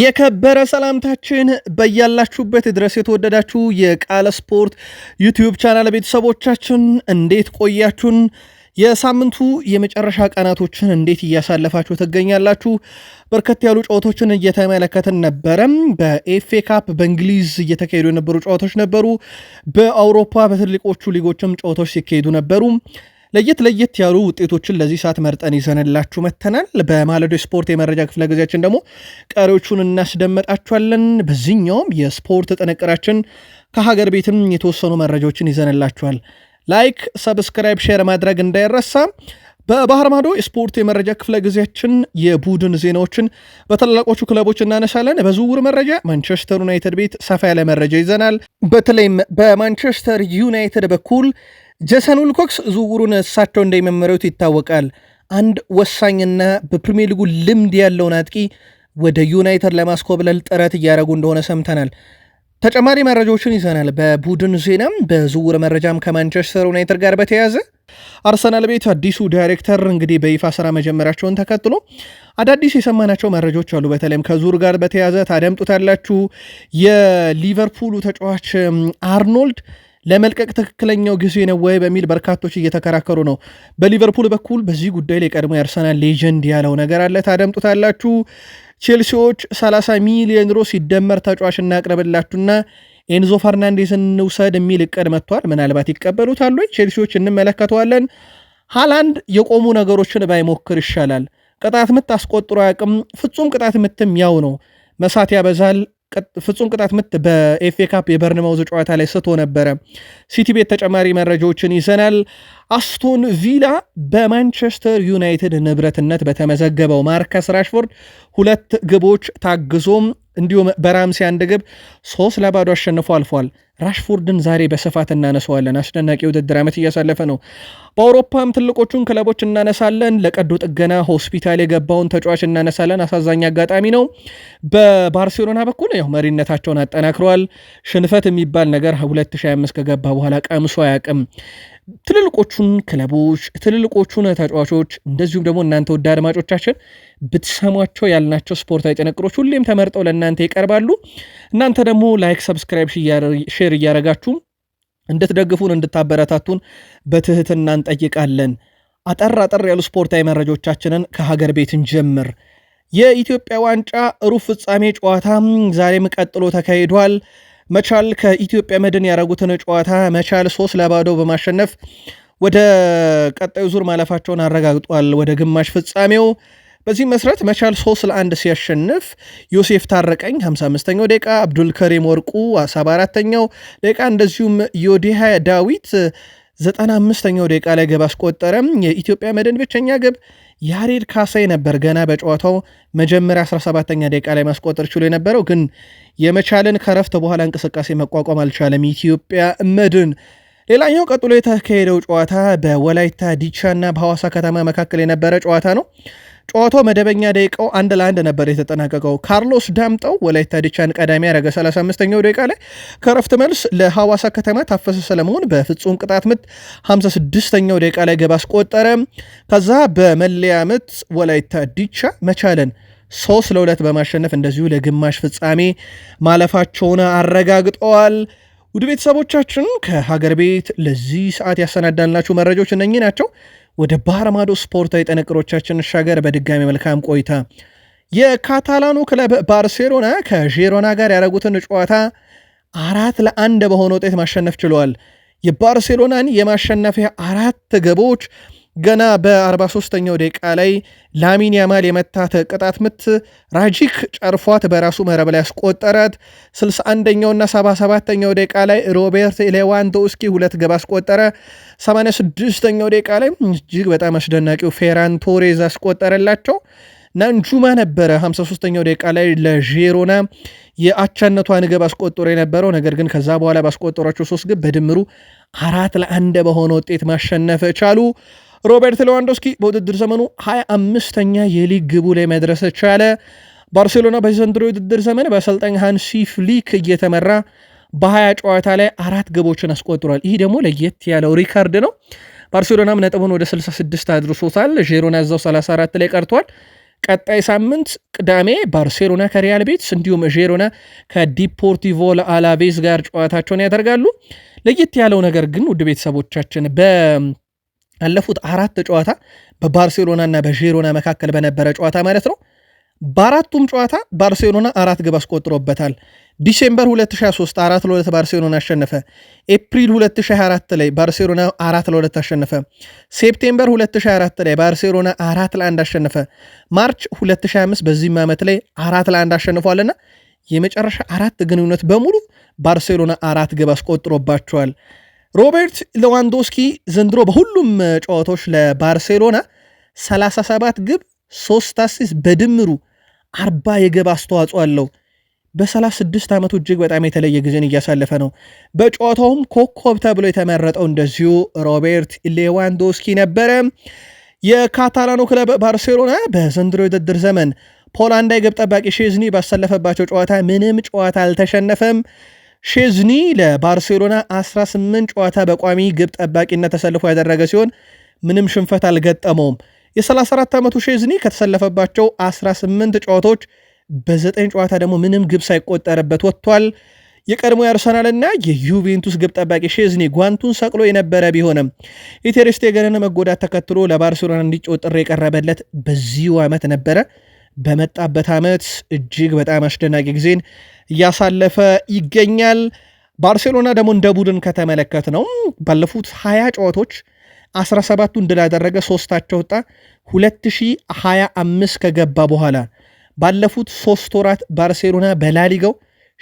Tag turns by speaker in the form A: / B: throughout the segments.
A: የከበረ ሰላምታችን በያላችሁበት ድረስ የተወደዳችሁ የቃለ ስፖርት ዩቲዩብ ቻናል ቤተሰቦቻችን እንዴት ቆያችሁን? የሳምንቱ የመጨረሻ ቀናቶችን እንዴት እያሳለፋችሁ ትገኛላችሁ? በርከት ያሉ ጨዋታዎችን እየተመለከትን ነበረም። በኤፌ ካፕ በእንግሊዝ እየተካሄዱ የነበሩ ጨዋታዎች ነበሩ። በአውሮፓ በትልቆቹ ሊጎችም ጨዋታዎች ሲካሄዱ ነበሩ። ለየት ለየት ያሉ ውጤቶችን ለዚህ ሰዓት መርጠን ይዘንላችሁ መተናል። በማለዶ ስፖርት የመረጃ ክፍለ ጊዜያችን ደግሞ ቀሪዎቹን እናስደመጣችኋለን። በዚህኛውም የስፖርት ጥንቅራችን ከሀገር ቤትም የተወሰኑ መረጃዎችን ይዘንላችኋል። ላይክ፣ ሰብስክራይብ፣ ሼር ማድረግ እንዳይረሳ። በባህር ማዶ የስፖርት የመረጃ ክፍለ ጊዜያችን የቡድን ዜናዎችን በታላላቆቹ ክለቦች እናነሳለን። በዝውውር መረጃ ማንቸስተር ዩናይትድ ቤት ሰፋ ያለ መረጃ ይዘናል። በተለይም በማንቸስተር ዩናይትድ በኩል ጀሰን ዊልኮክስ ዝውውሩን እሳቸው እንደሚመሩት ይታወቃል። አንድ ወሳኝና በፕሪሚየር ሊጉ ልምድ ያለውን አጥቂ ወደ ዩናይትድ ለማስኮብለል ጥረት እያደረጉ እንደሆነ ሰምተናል። ተጨማሪ መረጃዎችን ይዘናል። በቡድን ዜናም በዝውውር መረጃም ከማንቸስተር ዩናይትድ ጋር በተያያዘ አርሰናል ቤት አዲሱ ዳይሬክተር እንግዲህ በይፋ ስራ መጀመራቸውን ተከትሎ አዳዲስ የሰማናቸው መረጃዎች አሉ። በተለይም ከዙር ጋር በተያያዘ ታደምጡታላችሁ። የሊቨርፑሉ ተጫዋች አርኖልድ ለመልቀቅ ትክክለኛው ጊዜ ነው ወይ በሚል በርካቶች እየተከራከሩ ነው። በሊቨርፑል በኩል በዚህ ጉዳይ ላይ ቀድሞ የአርሰናል ሌጀንድ ያለው ነገር አለ፣ ታደምጡታላችሁ። ቼልሲዎች 30 ሚሊዮን ሮ ሲደመር ተጫዋች እናቅርብላችሁና ኤንዞ ፈርናንዴዝን እንውሰድ የሚል እቅድ መጥቷል። ምናልባት ይቀበሉታሉ ቼልሲዎች፣ እንመለከተዋለን። ሃላንድ የቆሙ ነገሮችን ባይሞክር ይሻላል። ቅጣት ምት አስቆጥሮ አያውቅም። ፍጹም ቅጣት ምትም ያው ነው፣ መሳት ያበዛል፣ ፍጹም ቅጣት ምት በኤፍኤ ካፕ የበርንማውዝ ጨዋታ ላይ ስቶ ነበረ። ሲቲ ቤት ተጨማሪ መረጃዎችን ይዘናል። አስቶን ቪላ በማንቸስተር ዩናይትድ ንብረትነት በተመዘገበው ማርከስ ራሽፎርድ ሁለት ግቦች ታግዞም እንዲሁም በራምሲ አንድ ግብ ሶስት ለባዶ አሸንፎ አልፏል። ራሽፎርድን ዛሬ በስፋት እናነሰዋለን። አስደናቂ ውድድር ዓመት እያሳለፈ ነው። በአውሮፓም ትልቆቹን ክለቦች እናነሳለን። ለቀዶ ጥገና ሆስፒታል የገባውን ተጫዋች እናነሳለን። አሳዛኝ አጋጣሚ ነው። በባርሴሎና በኩል ያው መሪነታቸውን አጠናክረዋል። ሽንፈት የሚባል ነገር 2025 ከገባ በኋላ ቀምሶ አያውቅም። ትልልቆቹን ክለቦች ትልልቆቹን ተጫዋቾች እንደዚሁም ደግሞ እናንተ ወደ አድማጮቻችን ብትሰሟቸው ያልናቸው ስፖርታዊ ጥንቅሮች ሁሌም ተመርጠው ለእናንተ ይቀርባሉ። እናንተ ደግሞ ላይክ፣ ሰብስክራይብ፣ ሼር እያደረጋችሁ እንድትደግፉን እንድታበረታቱን በትህትና እንጠይቃለን። አጠር አጠር ያሉ ስፖርታዊ መረጃዎቻችንን ከሀገር ቤት እንጀምር። የኢትዮጵያ ዋንጫ ሩብ ፍጻሜ ጨዋታ ዛሬም ቀጥሎ ተካሂዷል። መቻል ከኢትዮጵያ መድን ያደረጉትን ጨዋታ መቻል ሶስት ለባዶ በማሸነፍ ወደ ቀጣዩ ዙር ማለፋቸውን አረጋግጧል። ወደ ግማሽ ፍጻሜው በዚህ መሰረት መቻል ሶስት ለአንድ ሲያሸንፍ ዮሴፍ ታረቀኝ 55ኛው ደቂቃ፣ አብዱልከሪም ወርቁ 74ኛው ደቂቃ እንደዚሁም ዮዲሃ ዳዊት 95ኛው ደቂቃ ላይ ግብ አስቆጠረም። የኢትዮጵያ መድን ብቸኛ ግብ ያሬድ ካሳይ ነበር። ገና በጨዋታው መጀመሪያ 17ኛ ደቂቃ ላይ ማስቆጠር ችሎ የነበረው ግን የመቻልን ከረፍት በኋላ እንቅስቃሴ መቋቋም አልቻለም የኢትዮጵያ መድን። ሌላኛው ቀጥሎ የተካሄደው ጨዋታ በወላይታ ዲቻና በሐዋሳ ከተማ መካከል የነበረ ጨዋታ ነው። ጨዋታው መደበኛ ደቂቃው አንድ ለአንድ ነበር የተጠናቀቀው። ካርሎስ ዳምጠው ወላይታ ዲቻን ቀዳሚ ያደረገ 35ኛው ደቂቃ ላይ ከረፍት መልስ ለሐዋሳ ከተማ ታፈሰ ሰለሞን በፍጹም ቅጣት ምት 56ኛው ደቂቃ ላይ ገባ አስቆጠረ። ከዛ በመለያ ምት ወላይታ ዲቻ መቻለን ሶስት ለሁለት በማሸነፍ እንደዚሁ ለግማሽ ፍጻሜ ማለፋቸውን አረጋግጠዋል። ውድ ቤተሰቦቻችን ከሀገር ቤት ለዚህ ሰዓት ያሰናዳንላችሁ መረጃዎች እነኚህ ናቸው። ወደ ባህር ማዶ ስፖርታዊ ጥንቅሮቻችን ሻገር በድጋሚ መልካም ቆይታ። የካታላኑ ክለብ ባርሴሎና ከዢሮና ጋር ያደረጉትን ጨዋታ አራት ለአንድ በሆነ ውጤት ማሸነፍ ችለዋል። የባርሴሎናን የማሸነፊያ አራት ግቦች ገና በ43ኛው ደቂቃ ላይ ላሚን ያማል የመታት ቅጣት ምት ራጂክ ጨርፏት በራሱ መረብ ላይ ያስቆጠራት። 61ኛውና 77ኛው ደቂቃ ላይ ሮቤርት ሌዋንዶውስኪ ሁለት ግብ አስቆጠረ። 86ኛው ደቂቃ ላይ እጅግ በጣም አስደናቂው ፌራን ቶሬዝ አስቆጠረላቸው። ናንጁማ ነበረ 53ኛው ደቂቃ ላይ ለዢሮና የአቻነቷን ግብ አስቆጥሮ የነበረው ነገር ግን ከዛ በኋላ ባስቆጠሯቸው ሶስት ግብ በድምሩ አራት ለአንድ በሆነ ውጤት ማሸነፍ ቻሉ። ሮቤርት ሌዋንዶስኪ በውድድር ዘመኑ 25 አምስተኛ የሊግ ግቡ ላይ መድረስ ቻለ። ባርሴሎና በዘንድሮ የውድድር ዘመን በአሰልጣኝ ሃንሲ ፍሊክ እየተመራ በሀያ ጨዋታ ላይ አራት ግቦችን አስቆጥሯል። ይህ ደግሞ ለየት ያለው ሪካርድ ነው። ባርሴሎናም ነጥቡን ወደ 66 አድርሶታል። ዤሮና እዛው 34 ላይ ቀርቷል። ቀጣይ ሳምንት ቅዳሜ ባርሴሎና ከሪያል ቤትስ እንዲሁም ዤሮና ከዲፖርቲቮ አላቬዝ ጋር ጨዋታቸውን ያደርጋሉ። ለየት ያለው ነገር ግን ውድ ቤተሰቦቻችን በ ያለፉት አራት ጨዋታ በባርሴሎናና በዢሮና መካከል በነበረ ጨዋታ ማለት ነው። በአራቱም ጨዋታ ባርሴሎና አራት ግብ አስቆጥሮበታል። ዲሴምበር 2023 አራት ለሁለት ባርሴሎና አሸነፈ። ኤፕሪል 2024 ላይ ባርሴሎና አራት ለሁለት አሸነፈ። ሴፕቴምበር 2024 ላይ ባርሴሎና አራት ለአንድ አሸነፈ። ማርች 2025 በዚህም ዓመት ላይ አራት ለአንድ አሸንፏልና የመጨረሻ አራት ግንኙነት በሙሉ ባርሴሎና አራት ግብ አስቆጥሮባቸዋል። ሮቤርት ሌዋንዶስኪ ዘንድሮ በሁሉም ጨዋታዎች ለባርሴሎና 37 ግብ፣ 3 አሲስት በድምሩ 40 የግብ አስተዋጽኦ አለው። በ36 ዓመቱ እጅግ በጣም የተለየ ጊዜን እያሳለፈ ነው። በጨዋታውም ኮከብ ተብሎ የተመረጠው እንደዚሁ ሮቤርት ሌዋንዶስኪ ነበረ። የካታላኑ ክለብ ባርሴሎና በዘንድሮ የውድድር ዘመን ፖላንዳዊ ግብ ጠባቂ ሼዝኒ ባሳለፈባቸው ጨዋታ ምንም ጨዋታ አልተሸነፈም። ሼዝኒ ለባርሴሎና 18 ጨዋታ በቋሚ ግብ ጠባቂነት ተሰልፎ ያደረገ ሲሆን ምንም ሽንፈት አልገጠመውም። የ34 ዓመቱ ሼዝኒ ከተሰለፈባቸው 18 ጨዋታዎች በ9 ጨዋታ ደግሞ ምንም ግብ ሳይቆጠርበት ወጥቷል። የቀድሞ የአርሰናልና የዩቬንቱስ ግብ ጠባቂ ሼዝኒ ጓንቱን ሰቅሎ የነበረ ቢሆንም የቴር ስቴገንን መጎዳት ተከትሎ ለባርሴሎና እንዲጫወት ጥሪ የቀረበለት በዚሁ ዓመት ነበረ። በመጣበት ዓመት እጅግ በጣም አስደናቂ ጊዜን እያሳለፈ ይገኛል። ባርሴሎና ደግሞ እንደ ቡድን ከተመለከት ነው ባለፉት 20 ጨዋታዎች 17ቱን ድል ያደረገ ሶስታቸው ወጣ 2025 ከገባ በኋላ ባለፉት ሶስት ወራት ባርሴሎና በላሊጋው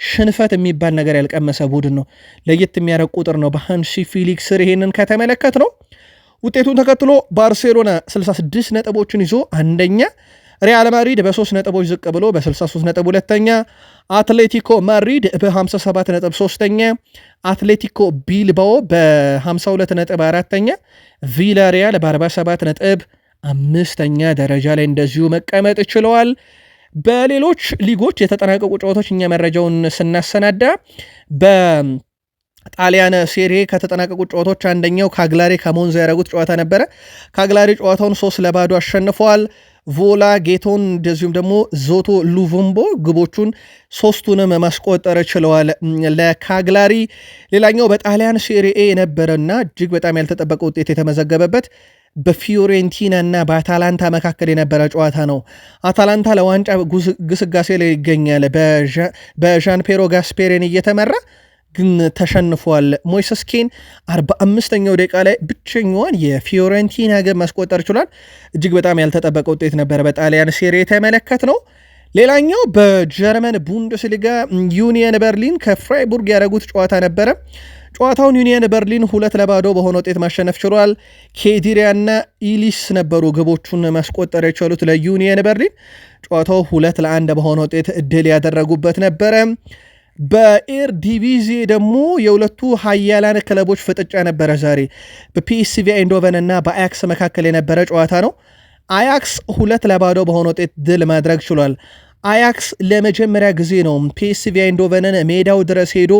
A: ሽንፈት የሚባል ነገር ያልቀመሰ ቡድን ነው። ለየት የሚያደርግ ቁጥር ነው። በሃንሺ ፊሊክስ ስር ይሄንን ከተመለከት ነው ውጤቱን ተከትሎ ባርሴሎና 66 ነጥቦችን ይዞ አንደኛ ሪያል ማድሪድ በ3 ነጥቦች ዝቅ ብሎ በ63 ነጥብ ሁለተኛ፣ አትሌቲኮ ማድሪድ በ57 ነጥብ ሶስተኛ፣ አትሌቲኮ ቢልባኦ በ52 ነጥብ አራተኛ፣ ቪላሪያል በ47 ነጥብ አምስተኛ ደረጃ ላይ እንደዚሁ መቀመጥ ችለዋል። በሌሎች ሊጎች የተጠናቀቁ ጨዋታዎች እኛ መረጃውን ስናሰናዳ በ ጣሊያን ሴሪኤ ከተጠናቀቁ ጨዋታዎች አንደኛው ካግላሪ ከሞንዛ ያደረጉት ጨዋታ ነበረ። ካግላሪ ጨዋታውን ሶስት ለባዶ አሸንፈዋል። ቮላ ጌቶን እንደዚሁም ደግሞ ዞቶ ሉቮምቦ ግቦቹን ሶስቱንም ማስቆጠር ችለዋል ለካግላሪ። ሌላኛው በጣሊያን ሴሪኤ የነበረና እጅግ በጣም ያልተጠበቀ ውጤት የተመዘገበበት በፊዮሬንቲና እና በአታላንታ መካከል የነበረ ጨዋታ ነው። አታላንታ ለዋንጫ ግስጋሴ ላይ ይገኛል በዣን ፔሮ ጋስፔሬን እየተመራ ግን ተሸንፏል። ሞይሰስ ኬን 45ኛው ደቂቃ ላይ ብቸኛዋን የፊዮረንቲና ግብ ማስቆጠር ችሏል። እጅግ በጣም ያልተጠበቀ ውጤት ነበረ በጣሊያን ሴሪ የተመለከት ነው። ሌላኛው በጀርመን ቡንደስሊጋ ዩኒየን በርሊን ከፍራይቡርግ ያደረጉት ጨዋታ ነበረ። ጨዋታውን ዩኒየን በርሊን ሁለት ለባዶ በሆነ ውጤት ማሸነፍ ችሏል። ኬዲሪያና ኢሊስ ነበሩ ግቦቹን ማስቆጠር የቻሉት ለዩኒየን በርሊን። ጨዋታው ሁለት ለአንድ በሆነ ውጤት ድል ያደረጉበት ነበረ። በኤር ዲቪዜ ደግሞ የሁለቱ ሀያላን ክለቦች ፍጥጫ ነበረ። ዛሬ በፒኤስቪ አይንዶቨን እና በአያክስ መካከል የነበረ ጨዋታ ነው። አያክስ ሁለት ለባዶ በሆነ ውጤት ድል ማድረግ ችሏል። አያክስ ለመጀመሪያ ጊዜ ነው ፒኤስቪ አይንዶቨንን ሜዳው ድረስ ሄዶ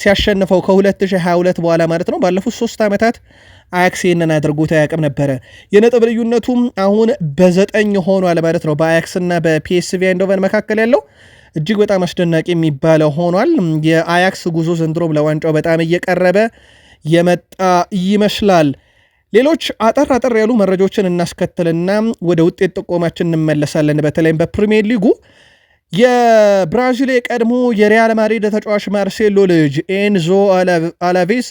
A: ሲያሸንፈው ከ2022 በኋላ ማለት ነው። ባለፉት ሶስት ዓመታት አያክስ ይህንን አድርጎት አያውቅም ነበረ። የነጥብ ልዩነቱም አሁን በዘጠኝ ሆኗል ማለት ነው በአያክስና በፒኤስቪ አይንዶቨን መካከል ያለው እጅግ በጣም አስደናቂ የሚባለው ሆኗል። የአያክስ ጉዞ ዘንድሮም ለዋንጫው በጣም እየቀረበ የመጣ ይመስላል። ሌሎች አጠር አጠር ያሉ መረጃዎችን እናስከትልና ወደ ውጤት ጥቆማችን እንመለሳለን። በተለይም በፕሪሚየር ሊጉ የብራዚል የቀድሞ የሪያል ማድሪድ ተጫዋች ማርሴሎ ልጅ ኤንዞ አላቬስ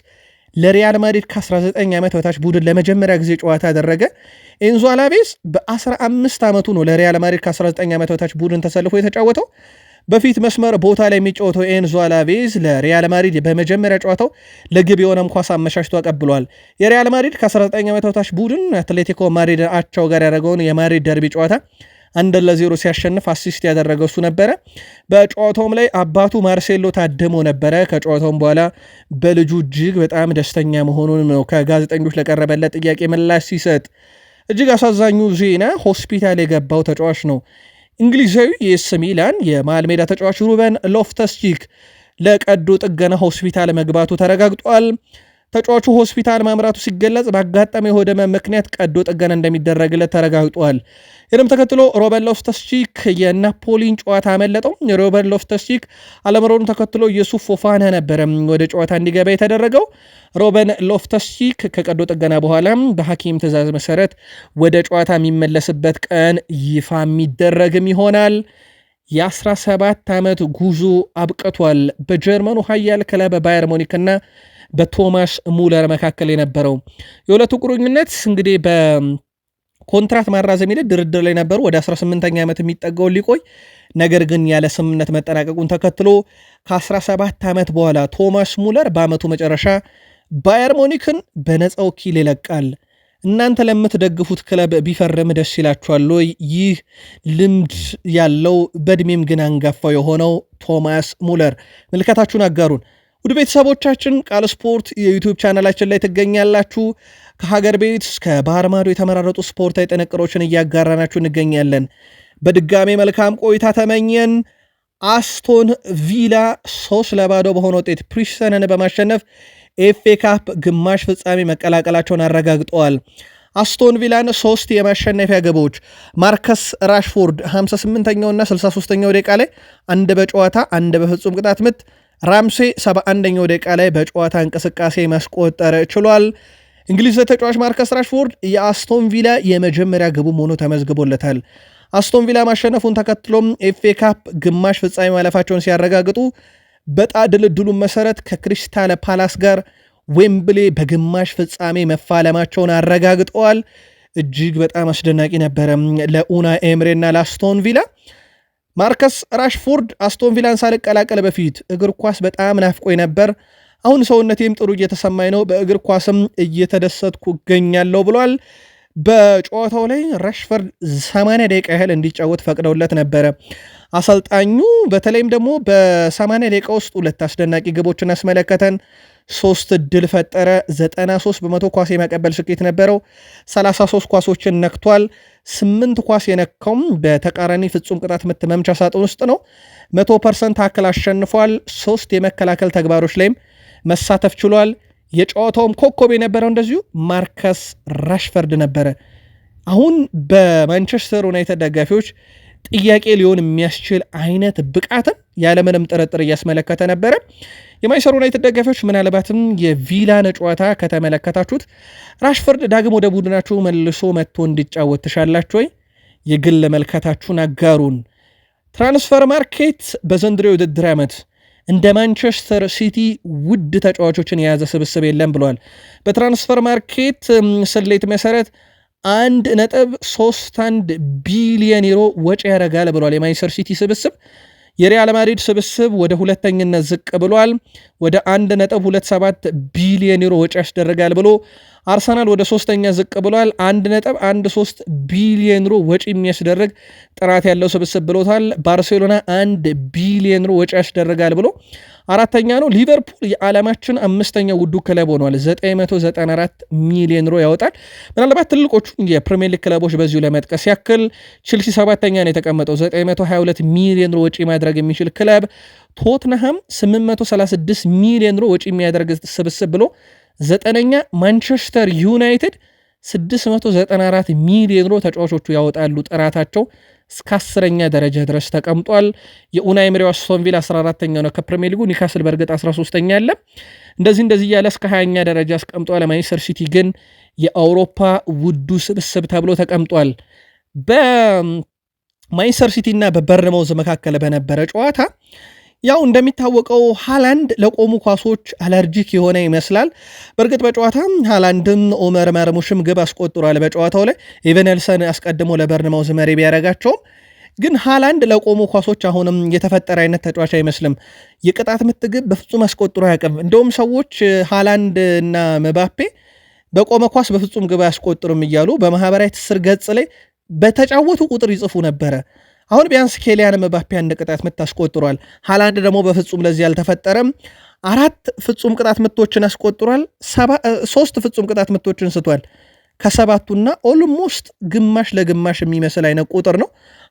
A: ለሪያል ማድሪድ ከ19 ዓመት በታች ቡድን ለመጀመሪያ ጊዜ ጨዋታ ያደረገ። ኤንዞ አላቬስ በ15 ዓመቱ ነው ለሪያል ማድሪድ ከ19 ዓመት በታች ቡድን ተሰልፎ የተጫወተው። በፊት መስመር ቦታ ላይ የሚጫወተው ኤንዞ አላቬዝ ለሪያል ማድሪድ በመጀመሪያ ጨዋታው ለግብ የሆነም ኳስ አመቻችቶ አቀብሏል። የሪያል ማድሪድ ከ19 ዓመት በታች ቡድን አትሌቲኮ ማድሪድ አቻው ጋር ያደረገውን የማድሪድ ደርቢ ጨዋታ አንድ ለዜሮ ሲያሸንፍ አሲስት ያደረገ እሱ ነበረ። በጨዋታውም ላይ አባቱ ማርሴሎ ታድሞ ነበረ። ከጨዋታውም በኋላ በልጁ እጅግ በጣም ደስተኛ መሆኑን ነው ከጋዜጠኞች ለቀረበለት ጥያቄ ምላሽ ሲሰጥ። እጅግ አሳዛኙ ዜና ሆስፒታል የገባው ተጫዋች ነው እንግሊዛዊ የኤስ ሚላን የመሃል ሜዳ ተጫዋች ሩበን ሎፍተስ ቺክ ለቀዶ ጥገና ሆስፒታል መግባቱ ተረጋግጧል። ተጫዋቹ ሆስፒታል ማምራቱ ሲገለጽ በአጋጣሚ የሆድ ህመም ምክንያት ቀዶ ጥገና እንደሚደረግለት ተረጋግጧል። ይህንም ተከትሎ ሮበን ሎፍተስ ቺክ የናፖሊን ጨዋታ አመለጠው። ሮበን ሎፍተስ ቺክ አለመሮኑ ተከትሎ የሱፍ ፎፋና ነበረ ወደ ጨዋታ እንዲገባ የተደረገው። ሮበን ሎፍተስቺክ ከቀዶ ጥገና በኋላ በሐኪም ትእዛዝ መሰረት ወደ ጨዋታ የሚመለስበት ቀን ይፋ የሚደረግም ይሆናል። የ17 ዓመት ጉዞ አብቅቷል። በጀርመኑ ኃያል ክለብ ባየር ሙኒክና በቶማስ ሙለር መካከል የነበረው የሁለቱ ቁርኝነት እንግዲህ በኮንትራት ማራዘም ሂደት ድርድር ላይ ነበሩ። ወደ 18ኛ ዓመት የሚጠጋውን ሊቆይ ነገር ግን ያለ ስምምነት መጠናቀቁን ተከትሎ ከ17 ዓመት በኋላ ቶማስ ሙለር በዓመቱ መጨረሻ ባየር ሙኒክን በነፃ ወኪል ይለቃል። እናንተ ለምትደግፉት ክለብ ቢፈርም ደስ ይላችኋል ወይ? ይህ ልምድ ያለው በእድሜም ግን አንጋፋ የሆነው ቶማስ ሙለር ምልከታችሁን አጋሩን። ውድ ቤተሰቦቻችን ቃል ስፖርት የዩቲዩብ ቻናላችን ላይ ትገኛላችሁ። ከሀገር ቤት እስከ ባህር ማዶ የተመራረጡ ስፖርታዊ ጥንቅሮችን እያጋራናችሁ እንገኛለን። በድጋሜ መልካም ቆይታ ተመኘን። አስቶን ቪላ ሶስት ለባዶ በሆነ ውጤት ፕሪስተንን በማሸነፍ ኤፍኤ ካፕ ግማሽ ፍጻሜ መቀላቀላቸውን አረጋግጠዋል። አስቶን ቪላን ሶስት የማሸነፊያ ግቦች ማርከስ ራሽፎርድ 58ኛውና 63ኛው ደቂቃ ላይ አንድ በጨዋታ አንድ በፍጹም ቅጣት ምት፣ ራምሴ 71ኛው ደቂቃ ላይ በጨዋታ እንቅስቃሴ ማስቆጠር ችሏል። እንግሊዝ ተጫዋች ማርከስ ራሽፎርድ የአስቶን ቪላ የመጀመሪያ ግቡም ሆኖ ተመዝግቦለታል። አስቶን ቪላ ማሸነፉን ተከትሎም ኤፍኤ ካፕ ግማሽ ፍጻሜ ማለፋቸውን ሲያረጋግጡ በጣ ድልድሉ መሰረት ከክሪስታል ፓላስ ጋር ዌምብሌ በግማሽ ፍጻሜ መፋለማቸውን አረጋግጠዋል። እጅግ በጣም አስደናቂ ነበረ ለኡና ኤምሬና ለአስቶን ቪላ። ማርከስ ራሽፎርድ አስቶን ቪላን ሳልቀላቀል በፊት እግር ኳስ በጣም ናፍቆኝ ነበር፣ አሁን ሰውነቴም ጥሩ እየተሰማኝ ነው፣ በእግር ኳስም እየተደሰትኩ እገኛለሁ ብሏል። በጨዋታው ላይ ራሽፈርድ 80 ደቂቃ ያህል እንዲጫወት ፈቅደውለት ነበረ። አሰልጣኙ በተለይም ደግሞ በ80 ደቂቃ ውስጥ ሁለት አስደናቂ ግቦችን አስመለከተን። ሶስት እድል ፈጠረ። 93 በመቶ ኳስ የመቀበል ስኬት ነበረው። 33 ኳሶችን ነክቷል። ስምንት ኳስ የነካውም በተቃራኒ ፍጹም ቅጣት ምት መምቻ ሳጥን ውስጥ ነው። መቶ ፐርሰንት አክል አሸንፏል። ሶስት የመከላከል ተግባሮች ላይም መሳተፍ ችሏል። የጨዋታውም ኮከብ የነበረው እንደዚሁ ማርከስ ራሽፈርድ ነበረ። አሁን በማንቸስተር ዩናይትድ ደጋፊዎች ጥያቄ ሊሆን የሚያስችል አይነት ብቃትን ያለምንም ጥርጥር እያስመለከተ ነበረ። የማንቸስተር ዩናይትድ ደጋፊዎች ምናልባትም የቪላን ጨዋታ ከተመለከታችሁት ራሽፈርድ ዳግም ወደ ቡድናችሁ መልሶ መጥቶ እንዲጫወት ትሻላችሁ ወይ? የግል መልከታችሁን አጋሩን። ትራንስፈር ማርኬት በዘንድሮ የውድድር ዓመት እንደ ማንቸስተር ሲቲ ውድ ተጫዋቾችን የያዘ ስብስብ የለም ብለዋል። በትራንስፈር ማርኬት ስሌት መሰረት አንድ ነጥብ ሶስት አንድ ቢሊየን ዩሮ ወጪ ያደርጋል ብሏል የማንቸስተር ሲቲ ስብስብ። የሪያል ማድሪድ ስብስብ ወደ ሁለተኝነት ዝቅ ብሏል። ወደ 1.27 ቢሊዮን ዩሮ ወጪ ያስደረጋል ብሎ አርሰናል ወደ ሶስተኛ ዝቅ ብሏል። 1.13 ቢሊዮን ዩሮ ወጪ የሚያስደርግ ጥራት ያለው ስብስብ ብሎታል። ባርሴሎና 1 ቢሊዮን ዩሮ ወጪ ያስደርጋል ብሎ አራተኛ ነው። ሊቨርፑል የዓለማችን አምስተኛ ውዱ ክለብ ሆኗል። 994 ሚሊዮን ዩሮ ያወጣል። ምናልባት ትልቆቹን የፕሪሚየር ሊግ ክለቦች በዚሁ ለመጥቀስ ያክል ቼልሲ ሰባተኛ ነው የተቀመጠው 922 ሚሊዮን ዩሮ ወጪ ማድረግ የሚችል ክለብ ቶትነሃም 836 ሚሊዮን ዩሮ ወጪ የሚያደርግ ስብስብ ብሎ ዘጠነኛ ማንቸስተር ዩናይትድ 694 ሚሊዮን ዩሮ ተጫዋቾቹ ያወጣሉ። ጥራታቸው እስከ አስረኛ ደረጃ ድረስ ተቀምጧል። የኡናይ ኤመሪው አስቶንቪል 14ተኛ ነው ከፕሪሚየር ሊጉ። ኒካስል በእርግጥ 13ተኛ አለ። እንደዚህ እንደዚህ እያለ እስከ 20ኛ ደረጃ አስቀምጧል። ማንቸስተር ሲቲ ግን የአውሮፓ ውዱ ስብስብ ተብሎ ተቀምጧል። በማንቸስተር ሲቲ እና በበርንማውዝ መካከል በነበረ ጨዋታ ያው እንደሚታወቀው ሃላንድ ለቆሙ ኳሶች አለርጂክ የሆነ ይመስላል። በእርግጥ በጨዋታ ሃላንድም ኦመር መርሙሽም ግብ አስቆጥሯል። በጨዋታው ላይ ኤቨነልሰን አስቀድሞ ለበርንማውዝ መሪ ቢያረጋቸውም ግን ሃላንድ ለቆሙ ኳሶች አሁንም የተፈጠረ አይነት ተጫዋች አይመስልም። የቅጣት ምት ግብ በፍጹም አስቆጥሮ አያውቅም። እንደውም ሰዎች ሃላንድ እና መባፔ በቆመ ኳስ በፍጹም ግብ አያስቆጥርም እያሉ በማህበራዊ ትስስር ገጽ ላይ በተጫወቱ ቁጥር ይጽፉ ነበረ። አሁን ቢያንስ ኬሊያን መባፔ አንድ ቅጣት ምት አስቆጥሯል። ሃላንድ ደግሞ በፍጹም ለዚህ አልተፈጠረም። አራት ፍጹም ቅጣት ምቶችን አስቆጥሯል። ሶስት ፍጹም ቅጣት ምቶችን ስቷል ከሰባቱና ኦልሞስት ግማሽ ለግማሽ የሚመስል አይነት ቁጥር ነው።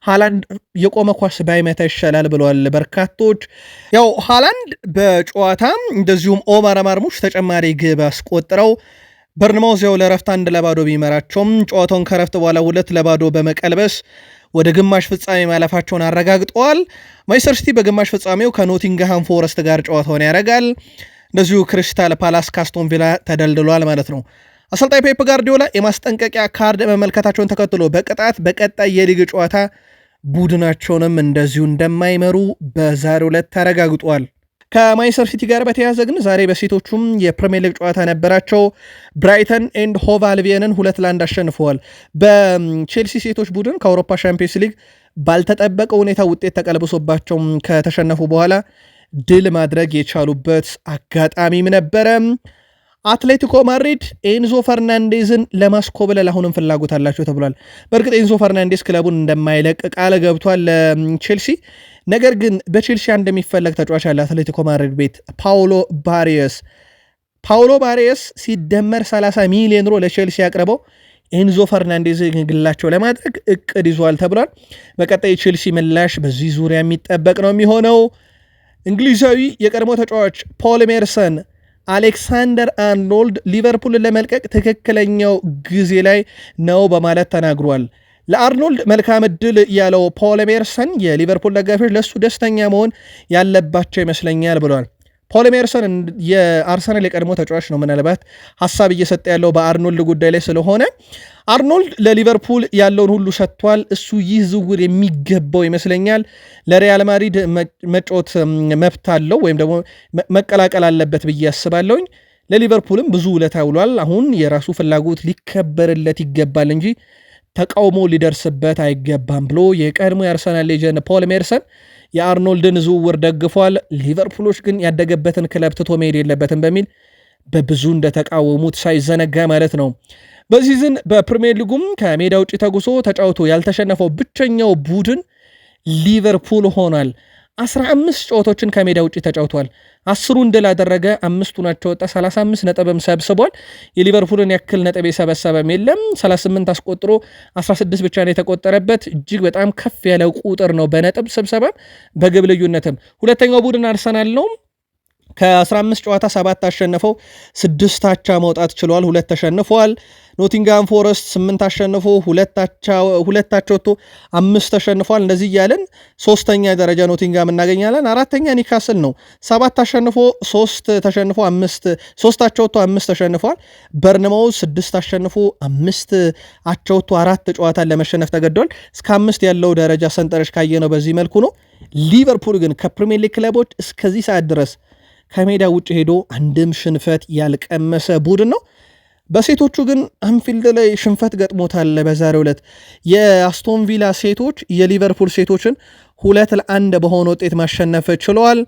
A: ሃላንድ የቆመ ኳስ ባይመታ ይሻላል ብለዋል በርካቶች። ያው ሃላንድ በጨዋታ እንደዚሁም ኦማር ማርሙሽ ተጨማሪ ግብ አስቆጥረው በርንማውዝ ያው ለረፍት አንድ ለባዶ ቢመራቸውም ጨዋታውን ከረፍት በኋላ ሁለት ለባዶ በመቀልበስ ወደ ግማሽ ፍጻሜ ማለፋቸውን አረጋግጠዋል። ማንቸስተር ሲቲ በግማሽ ፍጻሜው ከኖቲንግሃም ፎረስት ጋር ጨዋታውን ያደርጋል። እንደዚሁ ክሪስታል ፓላስ ካስቶን ቪላ ተደልድሏል ማለት ነው። አሰልጣኝ ፔፕ ጋርዲዮላ የማስጠንቀቂያ ካርድ መመልከታቸውን ተከትሎ በቅጣት በቀጣይ የሊግ ጨዋታ ቡድናቸውንም እንደዚሁ እንደማይመሩ በዛሬው ዕለት ተረጋግጧል። ከማንቸስተር ሲቲ ጋር በተያያዘ ግን ዛሬ በሴቶቹም የፕሪሚየር ሊግ ጨዋታ ነበራቸው። ብራይተን ኤንድ ሆቭ አልቢየንን ሁለት ለአንድ አሸንፈዋል። በቼልሲ ሴቶች ቡድን ከአውሮፓ ሻምፒዮንስ ሊግ ባልተጠበቀ ሁኔታ ውጤት ተቀልብሶባቸው ከተሸነፉ በኋላ ድል ማድረግ የቻሉበት አጋጣሚም ነበረ። አትሌቲኮ ማድሪድ ኤንዞ ፈርናንዴዝን ለማስኮብለል አሁንም ፍላጎት አላቸው ተብሏል። በእርግጥ ኤንዞ ፈርናንዴዝ ክለቡን እንደማይለቅ ቃል ገብቷል ለቼልሲ ነገር ግን በቼልሲያ እንደሚፈለግ ተጫዋች ያለ አትሌቲኮ ማድሪድ ቤት ፓውሎ ባሪየስ ፓውሎ ባሪየስ ሲደመር 30 ሚሊዮን ሮ ለቼልሲ ያቅርበው ኤንዞ ፈርናንዴዝ ግላቸው ለማድረግ እቅድ ይዟል ተብሏል። በቀጣይ ቼልሲ ምላሽ በዚህ ዙሪያ የሚጠበቅ ነው የሚሆነው። እንግሊዛዊ የቀድሞ ተጫዋች ፖል ሜርሰን አሌክሳንደር አርኖልድ ሊቨርፑልን ለመልቀቅ ትክክለኛው ጊዜ ላይ ነው በማለት ተናግሯል። ለአርኖልድ መልካም እድል ያለው ፖል ሜርሰን የሊቨርፑል ደጋፊዎች ለእሱ ደስተኛ መሆን ያለባቸው ይመስለኛል ብሏል። ፖል ሜርሰን የአርሰናል የቀድሞ ተጫዋች ነው። ምናልባት ሀሳብ እየሰጠ ያለው በአርኖልድ ጉዳይ ላይ ስለሆነ አርኖልድ ለሊቨርፑል ያለውን ሁሉ ሰጥቷል። እሱ ይህ ዝውውር የሚገባው ይመስለኛል። ለሪያል ማድሪድ መጮት መብት አለው ወይም ደግሞ መቀላቀል አለበት ብዬ አስባለሁኝ። ለሊቨርፑልም ብዙ ውለታ ውሏል። አሁን የራሱ ፍላጎት ሊከበርለት ይገባል እንጂ ተቃውሞ ሊደርስበት አይገባም ብሎ የቀድሞ የአርሰናል ሌጀንድ ፖል ሜርሰን የአርኖልድን ዝውውር ደግፏል። ሊቨርፑሎች ግን ያደገበትን ክለብ ትቶ መሄድ የለበትም በሚል በብዙ እንደተቃወሙት ሳይዘነጋ ማለት ነው። በዚህ ዝን በፕሪሚየር ሊጉም ከሜዳ ውጭ ተጉሶ ተጫውቶ ያልተሸነፈው ብቸኛው ቡድን ሊቨርፑል ሆኗል። 15 ጨዋታዎችን ከሜዳ ውጭ ተጫውቷል። አስሩን ድል አደረገ፣ አምስቱን ወጣ፣ 35 ነጥብም ሰብስቧል። የሊቨርፑልን ያክል ነጥብ የሰበሰበም የለም። 38 አስቆጥሮ 16 ብቻ ነው የተቆጠረበት። እጅግ በጣም ከፍ ያለ ቁጥር ነው በነጥብ ስብሰባ በግብ ልዩነትም። ሁለተኛው ቡድን አርሰናል ነው። ከ15 ጨዋታ ሰባት አሸነፈው፣ 6 አቻ መውጣት ችሏል፣ ሁለት ተሸንፈዋል። ኖቲንጋም ፎረስት ስምንት አሸንፎ ሁለት አቻ ወጥቶ አምስት ተሸንፏል። እንደዚህ እያለን ሶስተኛ ደረጃ ኖቲንጋም እናገኛለን። አራተኛ ኒካስል ነው ሰባት አሸንፎ ሶስት ተሸንፎ አምስት ሶስት አቻ ወጥቶ አምስት ተሸንፏል። በርንማው ስድስት አሸንፎ አምስት አቻ ወጥቶ አራት ጨዋታን ለመሸነፍ ተገዷል። እስከ አምስት ያለው ደረጃ ሰንጠረዥ ካየ ነው በዚህ መልኩ ነው። ሊቨርፑል ግን ከፕሪሚየር ሊግ ክለቦች እስከዚህ ሰዓት ድረስ ከሜዳ ውጭ ሄዶ አንድም ሽንፈት ያልቀመሰ ቡድን ነው። በሴቶቹ ግን አንፊልድ ላይ ሽንፈት ገጥሞታል። በዛሬው ዕለት የአስቶን ቪላ ሴቶች የሊቨርፑል ሴቶችን ሁለት ለአንድ በሆነ ውጤት ማሸነፍ ችለዋል።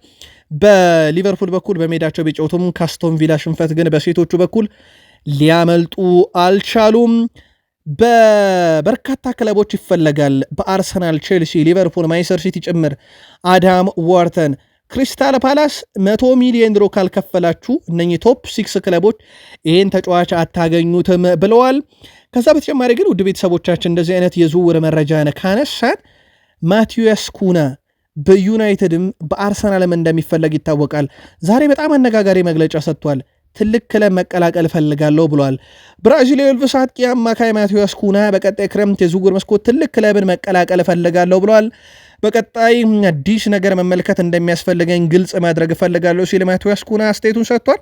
A: በሊቨርፑል በኩል በሜዳቸው ቢጫወቱም ከአስቶን ቪላ ሽንፈት ግን በሴቶቹ በኩል ሊያመልጡ አልቻሉም። በበርካታ ክለቦች ይፈለጋል። በአርሰናል፣ ቼልሲ፣ ሊቨርፑል፣ ማንቸስተር ሲቲ ጭምር አዳም ዋርተን ክሪስታል ፓላስ መቶ ሚሊዮን ዩሮ ካልከፈላችሁ እነኚህ ቶፕ ሲክስ ክለቦች ይህን ተጫዋች አታገኙትም ብለዋል። ከዛ በተጨማሪ ግን ውድ ቤተሰቦቻችን እንደዚህ አይነት የዝውውር መረጃን ካነሳን ማቲያስ ኩና በዩናይትድም በአርሰናልም እንደሚፈለግ ይታወቃል። ዛሬ በጣም አነጋጋሪ መግለጫ ሰጥቷል። ትልቅ ክለብ መቀላቀል እፈልጋለሁ ብሏል። ብራዚል የወልቭስ አጥቂ አማካይ ማቲያስ ኩና በቀጣይ ክረምት የዝውውር መስኮት ትልቅ ክለብን መቀላቀል እፈልጋለሁ ብሏል። በቀጣይ አዲስ ነገር መመልከት እንደሚያስፈልገኝ ግልጽ ማድረግ እፈልጋለሁ ሲል ማቴዎስ ኩና አስተያየቱን ሰጥቷል።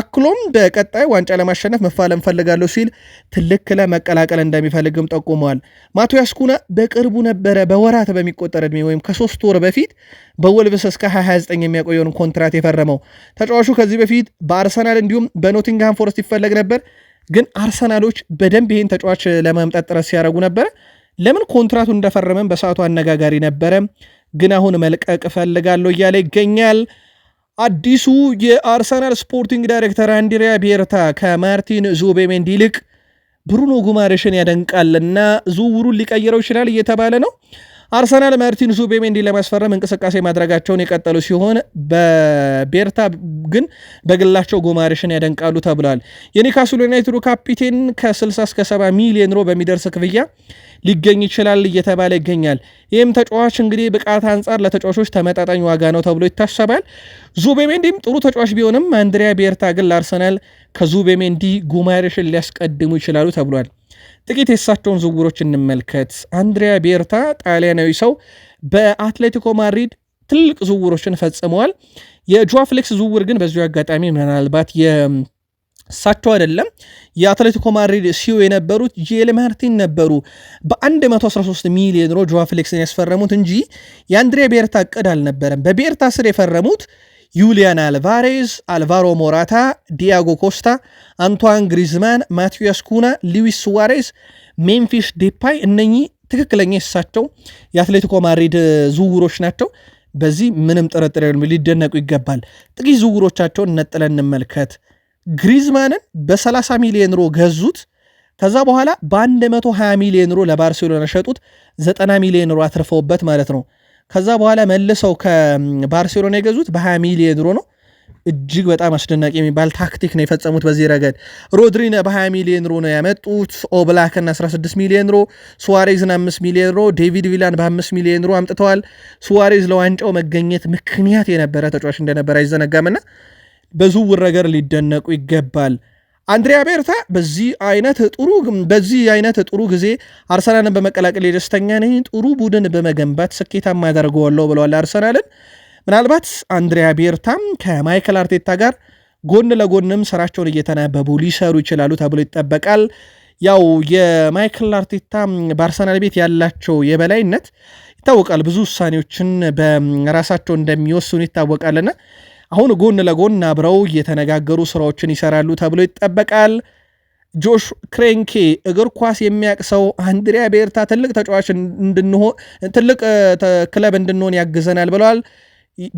A: አክሎም በቀጣይ ዋንጫ ለማሸነፍ መፋለም ፈልጋለሁ ሲል ትልቅ ክለብ መቀላቀል እንደሚፈልግም ጠቁመዋል። ማቴዎስ ኩና በቅርቡ ነበረ በወራት በሚቆጠር እድሜ ወይም ከሶስት ወር በፊት በወልቭስ እስከ 29 የሚያቆየውን ኮንትራት የፈረመው ተጫዋቹ ከዚህ በፊት በአርሰናል እንዲሁም በኖቲንግሃም ፎረስት ይፈለግ ነበር። ግን አርሰናሎች በደንብ ይህን ተጫዋች ለማምጣት ጥረት ሲያደርጉ ነበር ለምን ኮንትራቱ እንደፈረመን በሰዓቱ አነጋጋሪ ነበረ፣ ግን አሁን መልቀቅ እፈልጋለሁ እያለ ይገኛል። አዲሱ የአርሰናል ስፖርቲንግ ዳይሬክተር አንድሪያ ቤርታ ከማርቲን ዙቤሜንዲ ይልቅ ብሩኖ ጉማሬሽን ያደንቃልና ዝውውሩን ሊቀይረው ይችላል እየተባለ ነው። አርሰናል ማርቲን ዙቤሜንዲ ለማስፈረም እንቅስቃሴ ማድረጋቸውን የቀጠሉ ሲሆን በቤርታ ግን በግላቸው ጎማሬሽን ያደንቃሉ ተብሏል። የኒካስል ዩናይትዱ ካፒቴን ከ60 እስከ 70 ሚሊዮን ሮ በሚደርስ ክፍያ ሊገኝ ይችላል እየተባለ ይገኛል። ይህም ተጫዋች እንግዲህ ብቃት አንጻር ለተጫዋቾች ተመጣጣኝ ዋጋ ነው ተብሎ ይታሰባል። ዙቤሜንዲም ጥሩ ተጫዋች ቢሆንም አንድሪያ ቤርታ ግን ለአርሰናል ከዙቤሜንዲ ጉማሬሽን ሊያስቀድሙ ይችላሉ ተብሏል። ጥቂት የእሳቸውን ዝውውሮች እንመልከት። አንድሪያ ቤርታ ጣሊያናዊ ሰው በአትሌቲኮ ማድሪድ ትልቅ ዝውውሮችን ፈጽመዋል። የጆዋ ፍሌክስ ዝውውር ግን በዚሁ አጋጣሚ ምናልባት የእሳቸው አይደለም። የአትሌቲኮ ማድሪድ ሲዮ የነበሩት ጄል ማርቲን ነበሩ በ113 ሚሊዮን ሮ ጆዋ ፍሌክስን ያስፈረሙት እንጂ የአንድሪያ ቤርታ እቅድ አልነበረም። በቤርታ ስር የፈረሙት ዩሊያን አልቫሬዝ፣ አልቫሮ ሞራታ፣ ዲያጎ ኮስታ፣ አንቷን ግሪዝማን፣ ማቲያስ ኩና፣ ሉዊስ ሱዋሬዝ፣ ሜምፊስ ዴፓይ እነኚህ ትክክለኛ የሳቸው የአትሌቲኮ ማድሪድ ዝውውሮች ናቸው። በዚህ ምንም ጥርጥር ሊደነቁ ይገባል። ጥቂት ዝውውሮቻቸውን ነጥለን እንመልከት። ግሪዝማንን በ30 ሚሊዮን ሮ ገዙት። ከዛ በኋላ በ120 ሚሊዮን ሮ ለባርሴሎና ሸጡት። 90 ሚሊዮን ሮ አትርፈውበት ማለት ነው። ከዛ በኋላ መልሰው ከባርሴሎና የገዙት በ20 ሚሊዮን ዩሮ ነው። እጅግ በጣም አስደናቂ የሚባል ታክቲክ ነው የፈጸሙት በዚህ ረገድ። ሮድሪነ በ20 ሚሊዮን ሮ ነው ያመጡት። ኦብላክና 16 ሚሊዮን ሮ፣ ሱዋሬዝን 5 ሚሊዮን ሮ፣ ዴቪድ ቪላን በ5 ሚሊዮን ሮ አምጥተዋል። ሱዋሬዝ ለዋንጫው መገኘት ምክንያት የነበረ ተጫዋች እንደነበረ አይዘነጋምና በዝውውር ረገድ ሊደነቁ ይገባል። አንድሪያ ቤርታ በዚህ አይነት ጥሩ በዚህ አይነት ጥሩ ጊዜ አርሰናልን በመቀላቀል የደስተኛ ነኝ፣ ጥሩ ቡድን በመገንባት ስኬታማ ያደርገዋለሁ ብለዋል አርሰናልን። ምናልባት አንድሪያ ቤርታም ከማይክል አርቴታ ጋር ጎን ለጎንም ስራቸውን እየተናበቡ ሊሰሩ ይችላሉ ተብሎ ይጠበቃል። ያው የማይክል አርቴታ በአርሰናል ቤት ያላቸው የበላይነት ይታወቃል። ብዙ ውሳኔዎችን በራሳቸው እንደሚወስኑ ይታወቃልና አሁን ጎን ለጎን አብረው የተነጋገሩ ስራዎችን ይሰራሉ ተብሎ ይጠበቃል። ጆሽ ክሬንኬ እግር ኳስ የሚያቅሰው አንድሪያ ቤርታ ትልቅ ተጫዋች እንድንሆን ትልቅ ክለብ እንድንሆን ያግዘናል ብለዋል።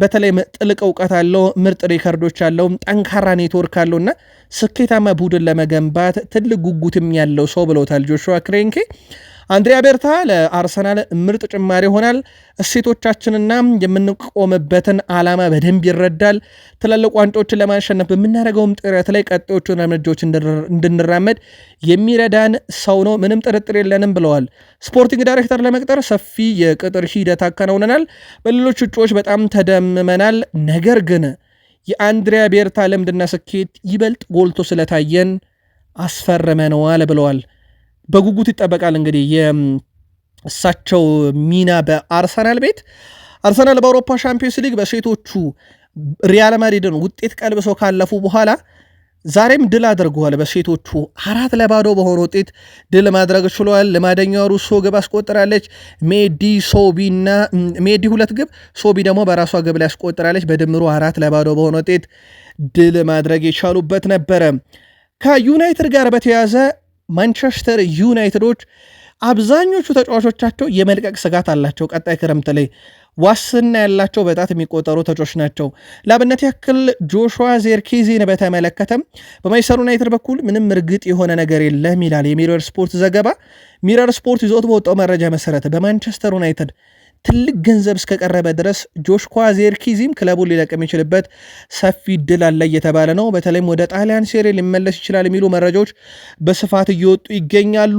A: በተለይ ጥልቅ እውቀት አለው፣ ምርጥ ሪከርዶች አለው፣ ጠንካራ ኔትወርክ አለው እና ስኬታማ ቡድን ለመገንባት ትልቅ ጉጉትም ያለው ሰው ብለውታል ጆሹዋ ክሬንኬ። አንድሪያ ቤርታ ለአርሰናል ምርጥ ጭማሪ ይሆናል። እሴቶቻችንና የምንቆምበትን ዓላማ በደንብ ይረዳል። ትላልቅ ዋንጫዎችን ለማሸነፍ በምናደርገውም ጥረት ላይ ቀጣዮቹን እርምጃዎች እንድንራመድ የሚረዳን ሰው ነው፣ ምንም ጥርጥር የለንም ብለዋል። ስፖርቲንግ ዳይሬክተር ለመቅጠር ሰፊ የቅጥር ሂደት አከናውነናል። በሌሎች እጩዎች በጣም ተደምመናል። ነገር ግን የአንድሪያ ቤርታ ልምድና ስኬት ይበልጥ ጎልቶ ስለታየን አስፈርመነዋል ብለዋል። በጉጉት ይጠበቃል እንግዲህ የእሳቸው ሚና በአርሰናል ቤት። አርሰናል በአውሮፓ ሻምፒዮንስ ሊግ በሴቶቹ ሪያል ማድሪድን ውጤት ቀልብሶ ካለፉ በኋላ ዛሬም ድል አድርገዋል። በሴቶቹ አራት ለባዶ በሆነ ውጤት ድል ማድረግ ችሏል። ልማደኛዋ ሩሶ ግብ አስቆጥራለች። ሜዲ ሶቢና ሜዲ ሁለት ግብ ሶቢ ደግሞ በራሷ ግብ ላይ አስቆጥራለች። በድምሩ አራት ለባዶ በሆነ ውጤት ድል ማድረግ የቻሉበት ነበረ። ከዩናይትድ ጋር በተያያዘ ማንቸስተር ዩናይትዶች አብዛኞቹ ተጫዋቾቻቸው የመልቀቅ ስጋት አላቸው። ቀጣይ ክረምት ላይ ዋስና ያላቸው በጣት የሚቆጠሩ ተጫዋቾች ናቸው። ለአብነት ያክል ጆሹዋ ዜርኪዚን በተመለከተም በማንቸስተር ዩናይትድ በኩል ምንም እርግጥ የሆነ ነገር የለም ይላል የሚረር ስፖርት ዘገባ። ሚረር ስፖርት ይዞት በወጣው መረጃ መሰረት በማንቸስተር ዩናይትድ ትልቅ ገንዘብ እስከቀረበ ድረስ ጆሽኳ ዜርኪዚም ክለቡን ሊለቅ የሚችልበት ሰፊ እድል አለ እየተባለ ነው። በተለይም ወደ ጣሊያን ሴሬ ሊመለስ ይችላል የሚሉ መረጃዎች በስፋት እየወጡ ይገኛሉ።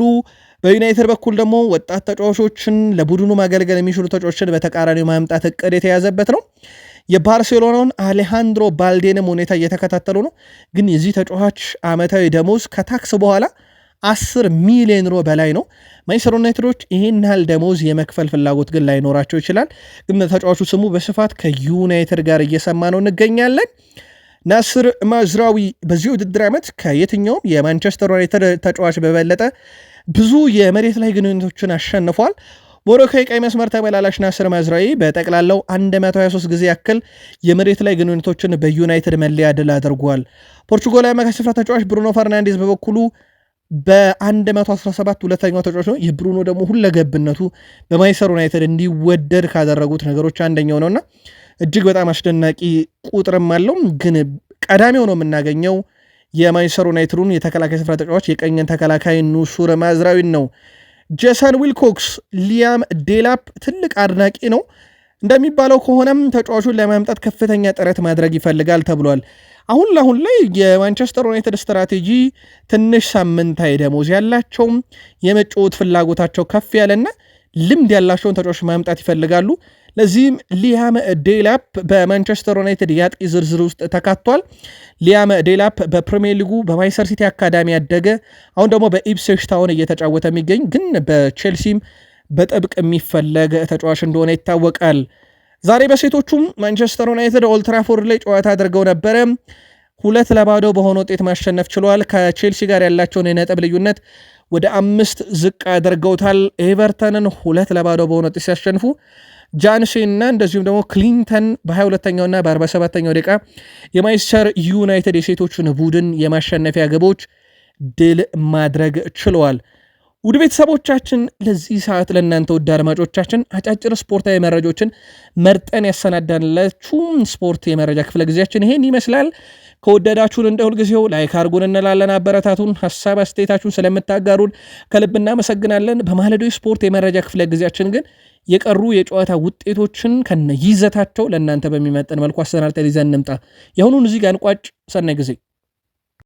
A: በዩናይትድ በኩል ደግሞ ወጣት ተጫዋቾችን ለቡድኑ ማገልገል የሚችሉ ተጫዋቾችን በተቃራኒው ማምጣት እቅድ የተያዘበት ነው። የባርሴሎናውን አሌሃንድሮ ባልዴንም ሁኔታ እየተከታተሉ ነው። ግን የዚህ ተጫዋች ዓመታዊ ደሞዝ ከታክስ በኋላ 10 ሚሊዮን ሮ በላይ ነው። ማንችስተር ዩናይትዶች ይህን ያህል ደሞዝ የመክፈል ፍላጎት ግን ላይኖራቸው ይችላል። ግን ተጫዋቹ ስሙ በስፋት ከዩናይትድ ጋር እየሰማ ነው እንገኛለን። ናስር ማዝራዊ በዚህ ውድድር ዓመት ከየትኛውም የማንቸስተር ዩናይትድ ተጫዋች በበለጠ ብዙ የመሬት ላይ ግንኙነቶችን አሸንፏል። ሞሮኮ የቀይ መስመር ተመላላሽ ናስር ማዝራዊ በጠቅላላው 123 ጊዜ ያክል የመሬት ላይ ግንኙነቶችን በዩናይትድ መለያ ድል አድርጓል። ፖርቹጋላዊ አማካይ ስፍራ ተጫዋች ብሩኖ ፈርናንዴዝ በበኩሉ በ117 ሁለተኛው ተጫዋች ነው። የብሩኖ ደግሞ ሁለገብነቱ በማይሰር ዩናይትድ እንዲወደድ ካደረጉት ነገሮች አንደኛው ነውና እጅግ በጣም አስደናቂ ቁጥርም አለው። ግን ቀዳሚው ነው የምናገኘው የማንችስተር ዩናይትዱን የተከላካይ ስፍራ ተጫዋች የቀኝን ተከላካይ ኑሱር ማዝራዊን ነው። ጄሰን ዊልኮክስ ሊያም ዴላፕ ትልቅ አድናቂ ነው። እንደሚባለው ከሆነም ተጫዋቹን ለማምጣት ከፍተኛ ጥረት ማድረግ ይፈልጋል ተብሏል። አሁን ለአሁን ላይ የማንቸስተር ዩናይትድ ስትራቴጂ ትንሽ ሳምንታዊ ደሞዝ ያላቸውም የመጫወት ፍላጎታቸው ከፍ ያለና ልምድ ያላቸውን ተጫዋች ማምጣት ይፈልጋሉ። ለዚህም ሊያም ዴላፕ በማንቸስተር ዩናይትድ የአጥቂ ዝርዝር ውስጥ ተካቷል። ሊያም ዴላፕ በፕሪሚየር ሊጉ በማይሰር ሲቲ አካዳሚ ያደገ አሁን ደግሞ በኢፕስዊች ታውን እየተጫወተ የሚገኝ ግን በቼልሲም በጥብቅ የሚፈለግ ተጫዋች እንደሆነ ይታወቃል። ዛሬ በሴቶቹም ማንቸስተር ዩናይትድ ኦልትራፎርድ ላይ ጨዋታ አድርገው ነበረ። ሁለት ለባዶ በሆነ ውጤት ማሸነፍ ችሏል። ከቼልሲ ጋር ያላቸውን የነጥብ ልዩነት ወደ አምስት ዝቅ አድርገውታል። ኤቨርተንን ሁለት ለባዶ በሆነ ውጤት ሲያሸንፉ ጃንሴ እና እንደዚሁም ደግሞ ክሊንተን በ22ኛውና በ47ኛው ደቂቃ የማንቸስተር ዩናይትድ የሴቶቹን ቡድን የማሸነፊያ ግቦች ድል ማድረግ ችለዋል። ውድ ቤተሰቦቻችን ለዚህ ሰዓት ለእናንተ ውድ አድማጮቻችን አጫጭር ስፖርታዊ መረጃዎችን መርጠን ያሰናዳንላችሁም ስፖርት የመረጃ ክፍለ ጊዜያችን ይሄን ይመስላል። ከወደዳችሁን እንደ ሁልጊዜው ላይክ አርጉን እንላለን። አበረታቱን። ሀሳብ አስተያየታችሁን ስለምታጋሩን ከልብ እናመሰግናለን። በማለዶ ስፖርት የመረጃ ክፍለ ጊዜያችን ግን የቀሩ የጨዋታ ውጤቶችን ከነ ይዘታቸው ለእናንተ በሚመጠን መልኩ አሰናድተን ይዘን እንምጣ። የአሁኑን እዚህ ጋር እንቋጭ። ሰናይ ጊዜ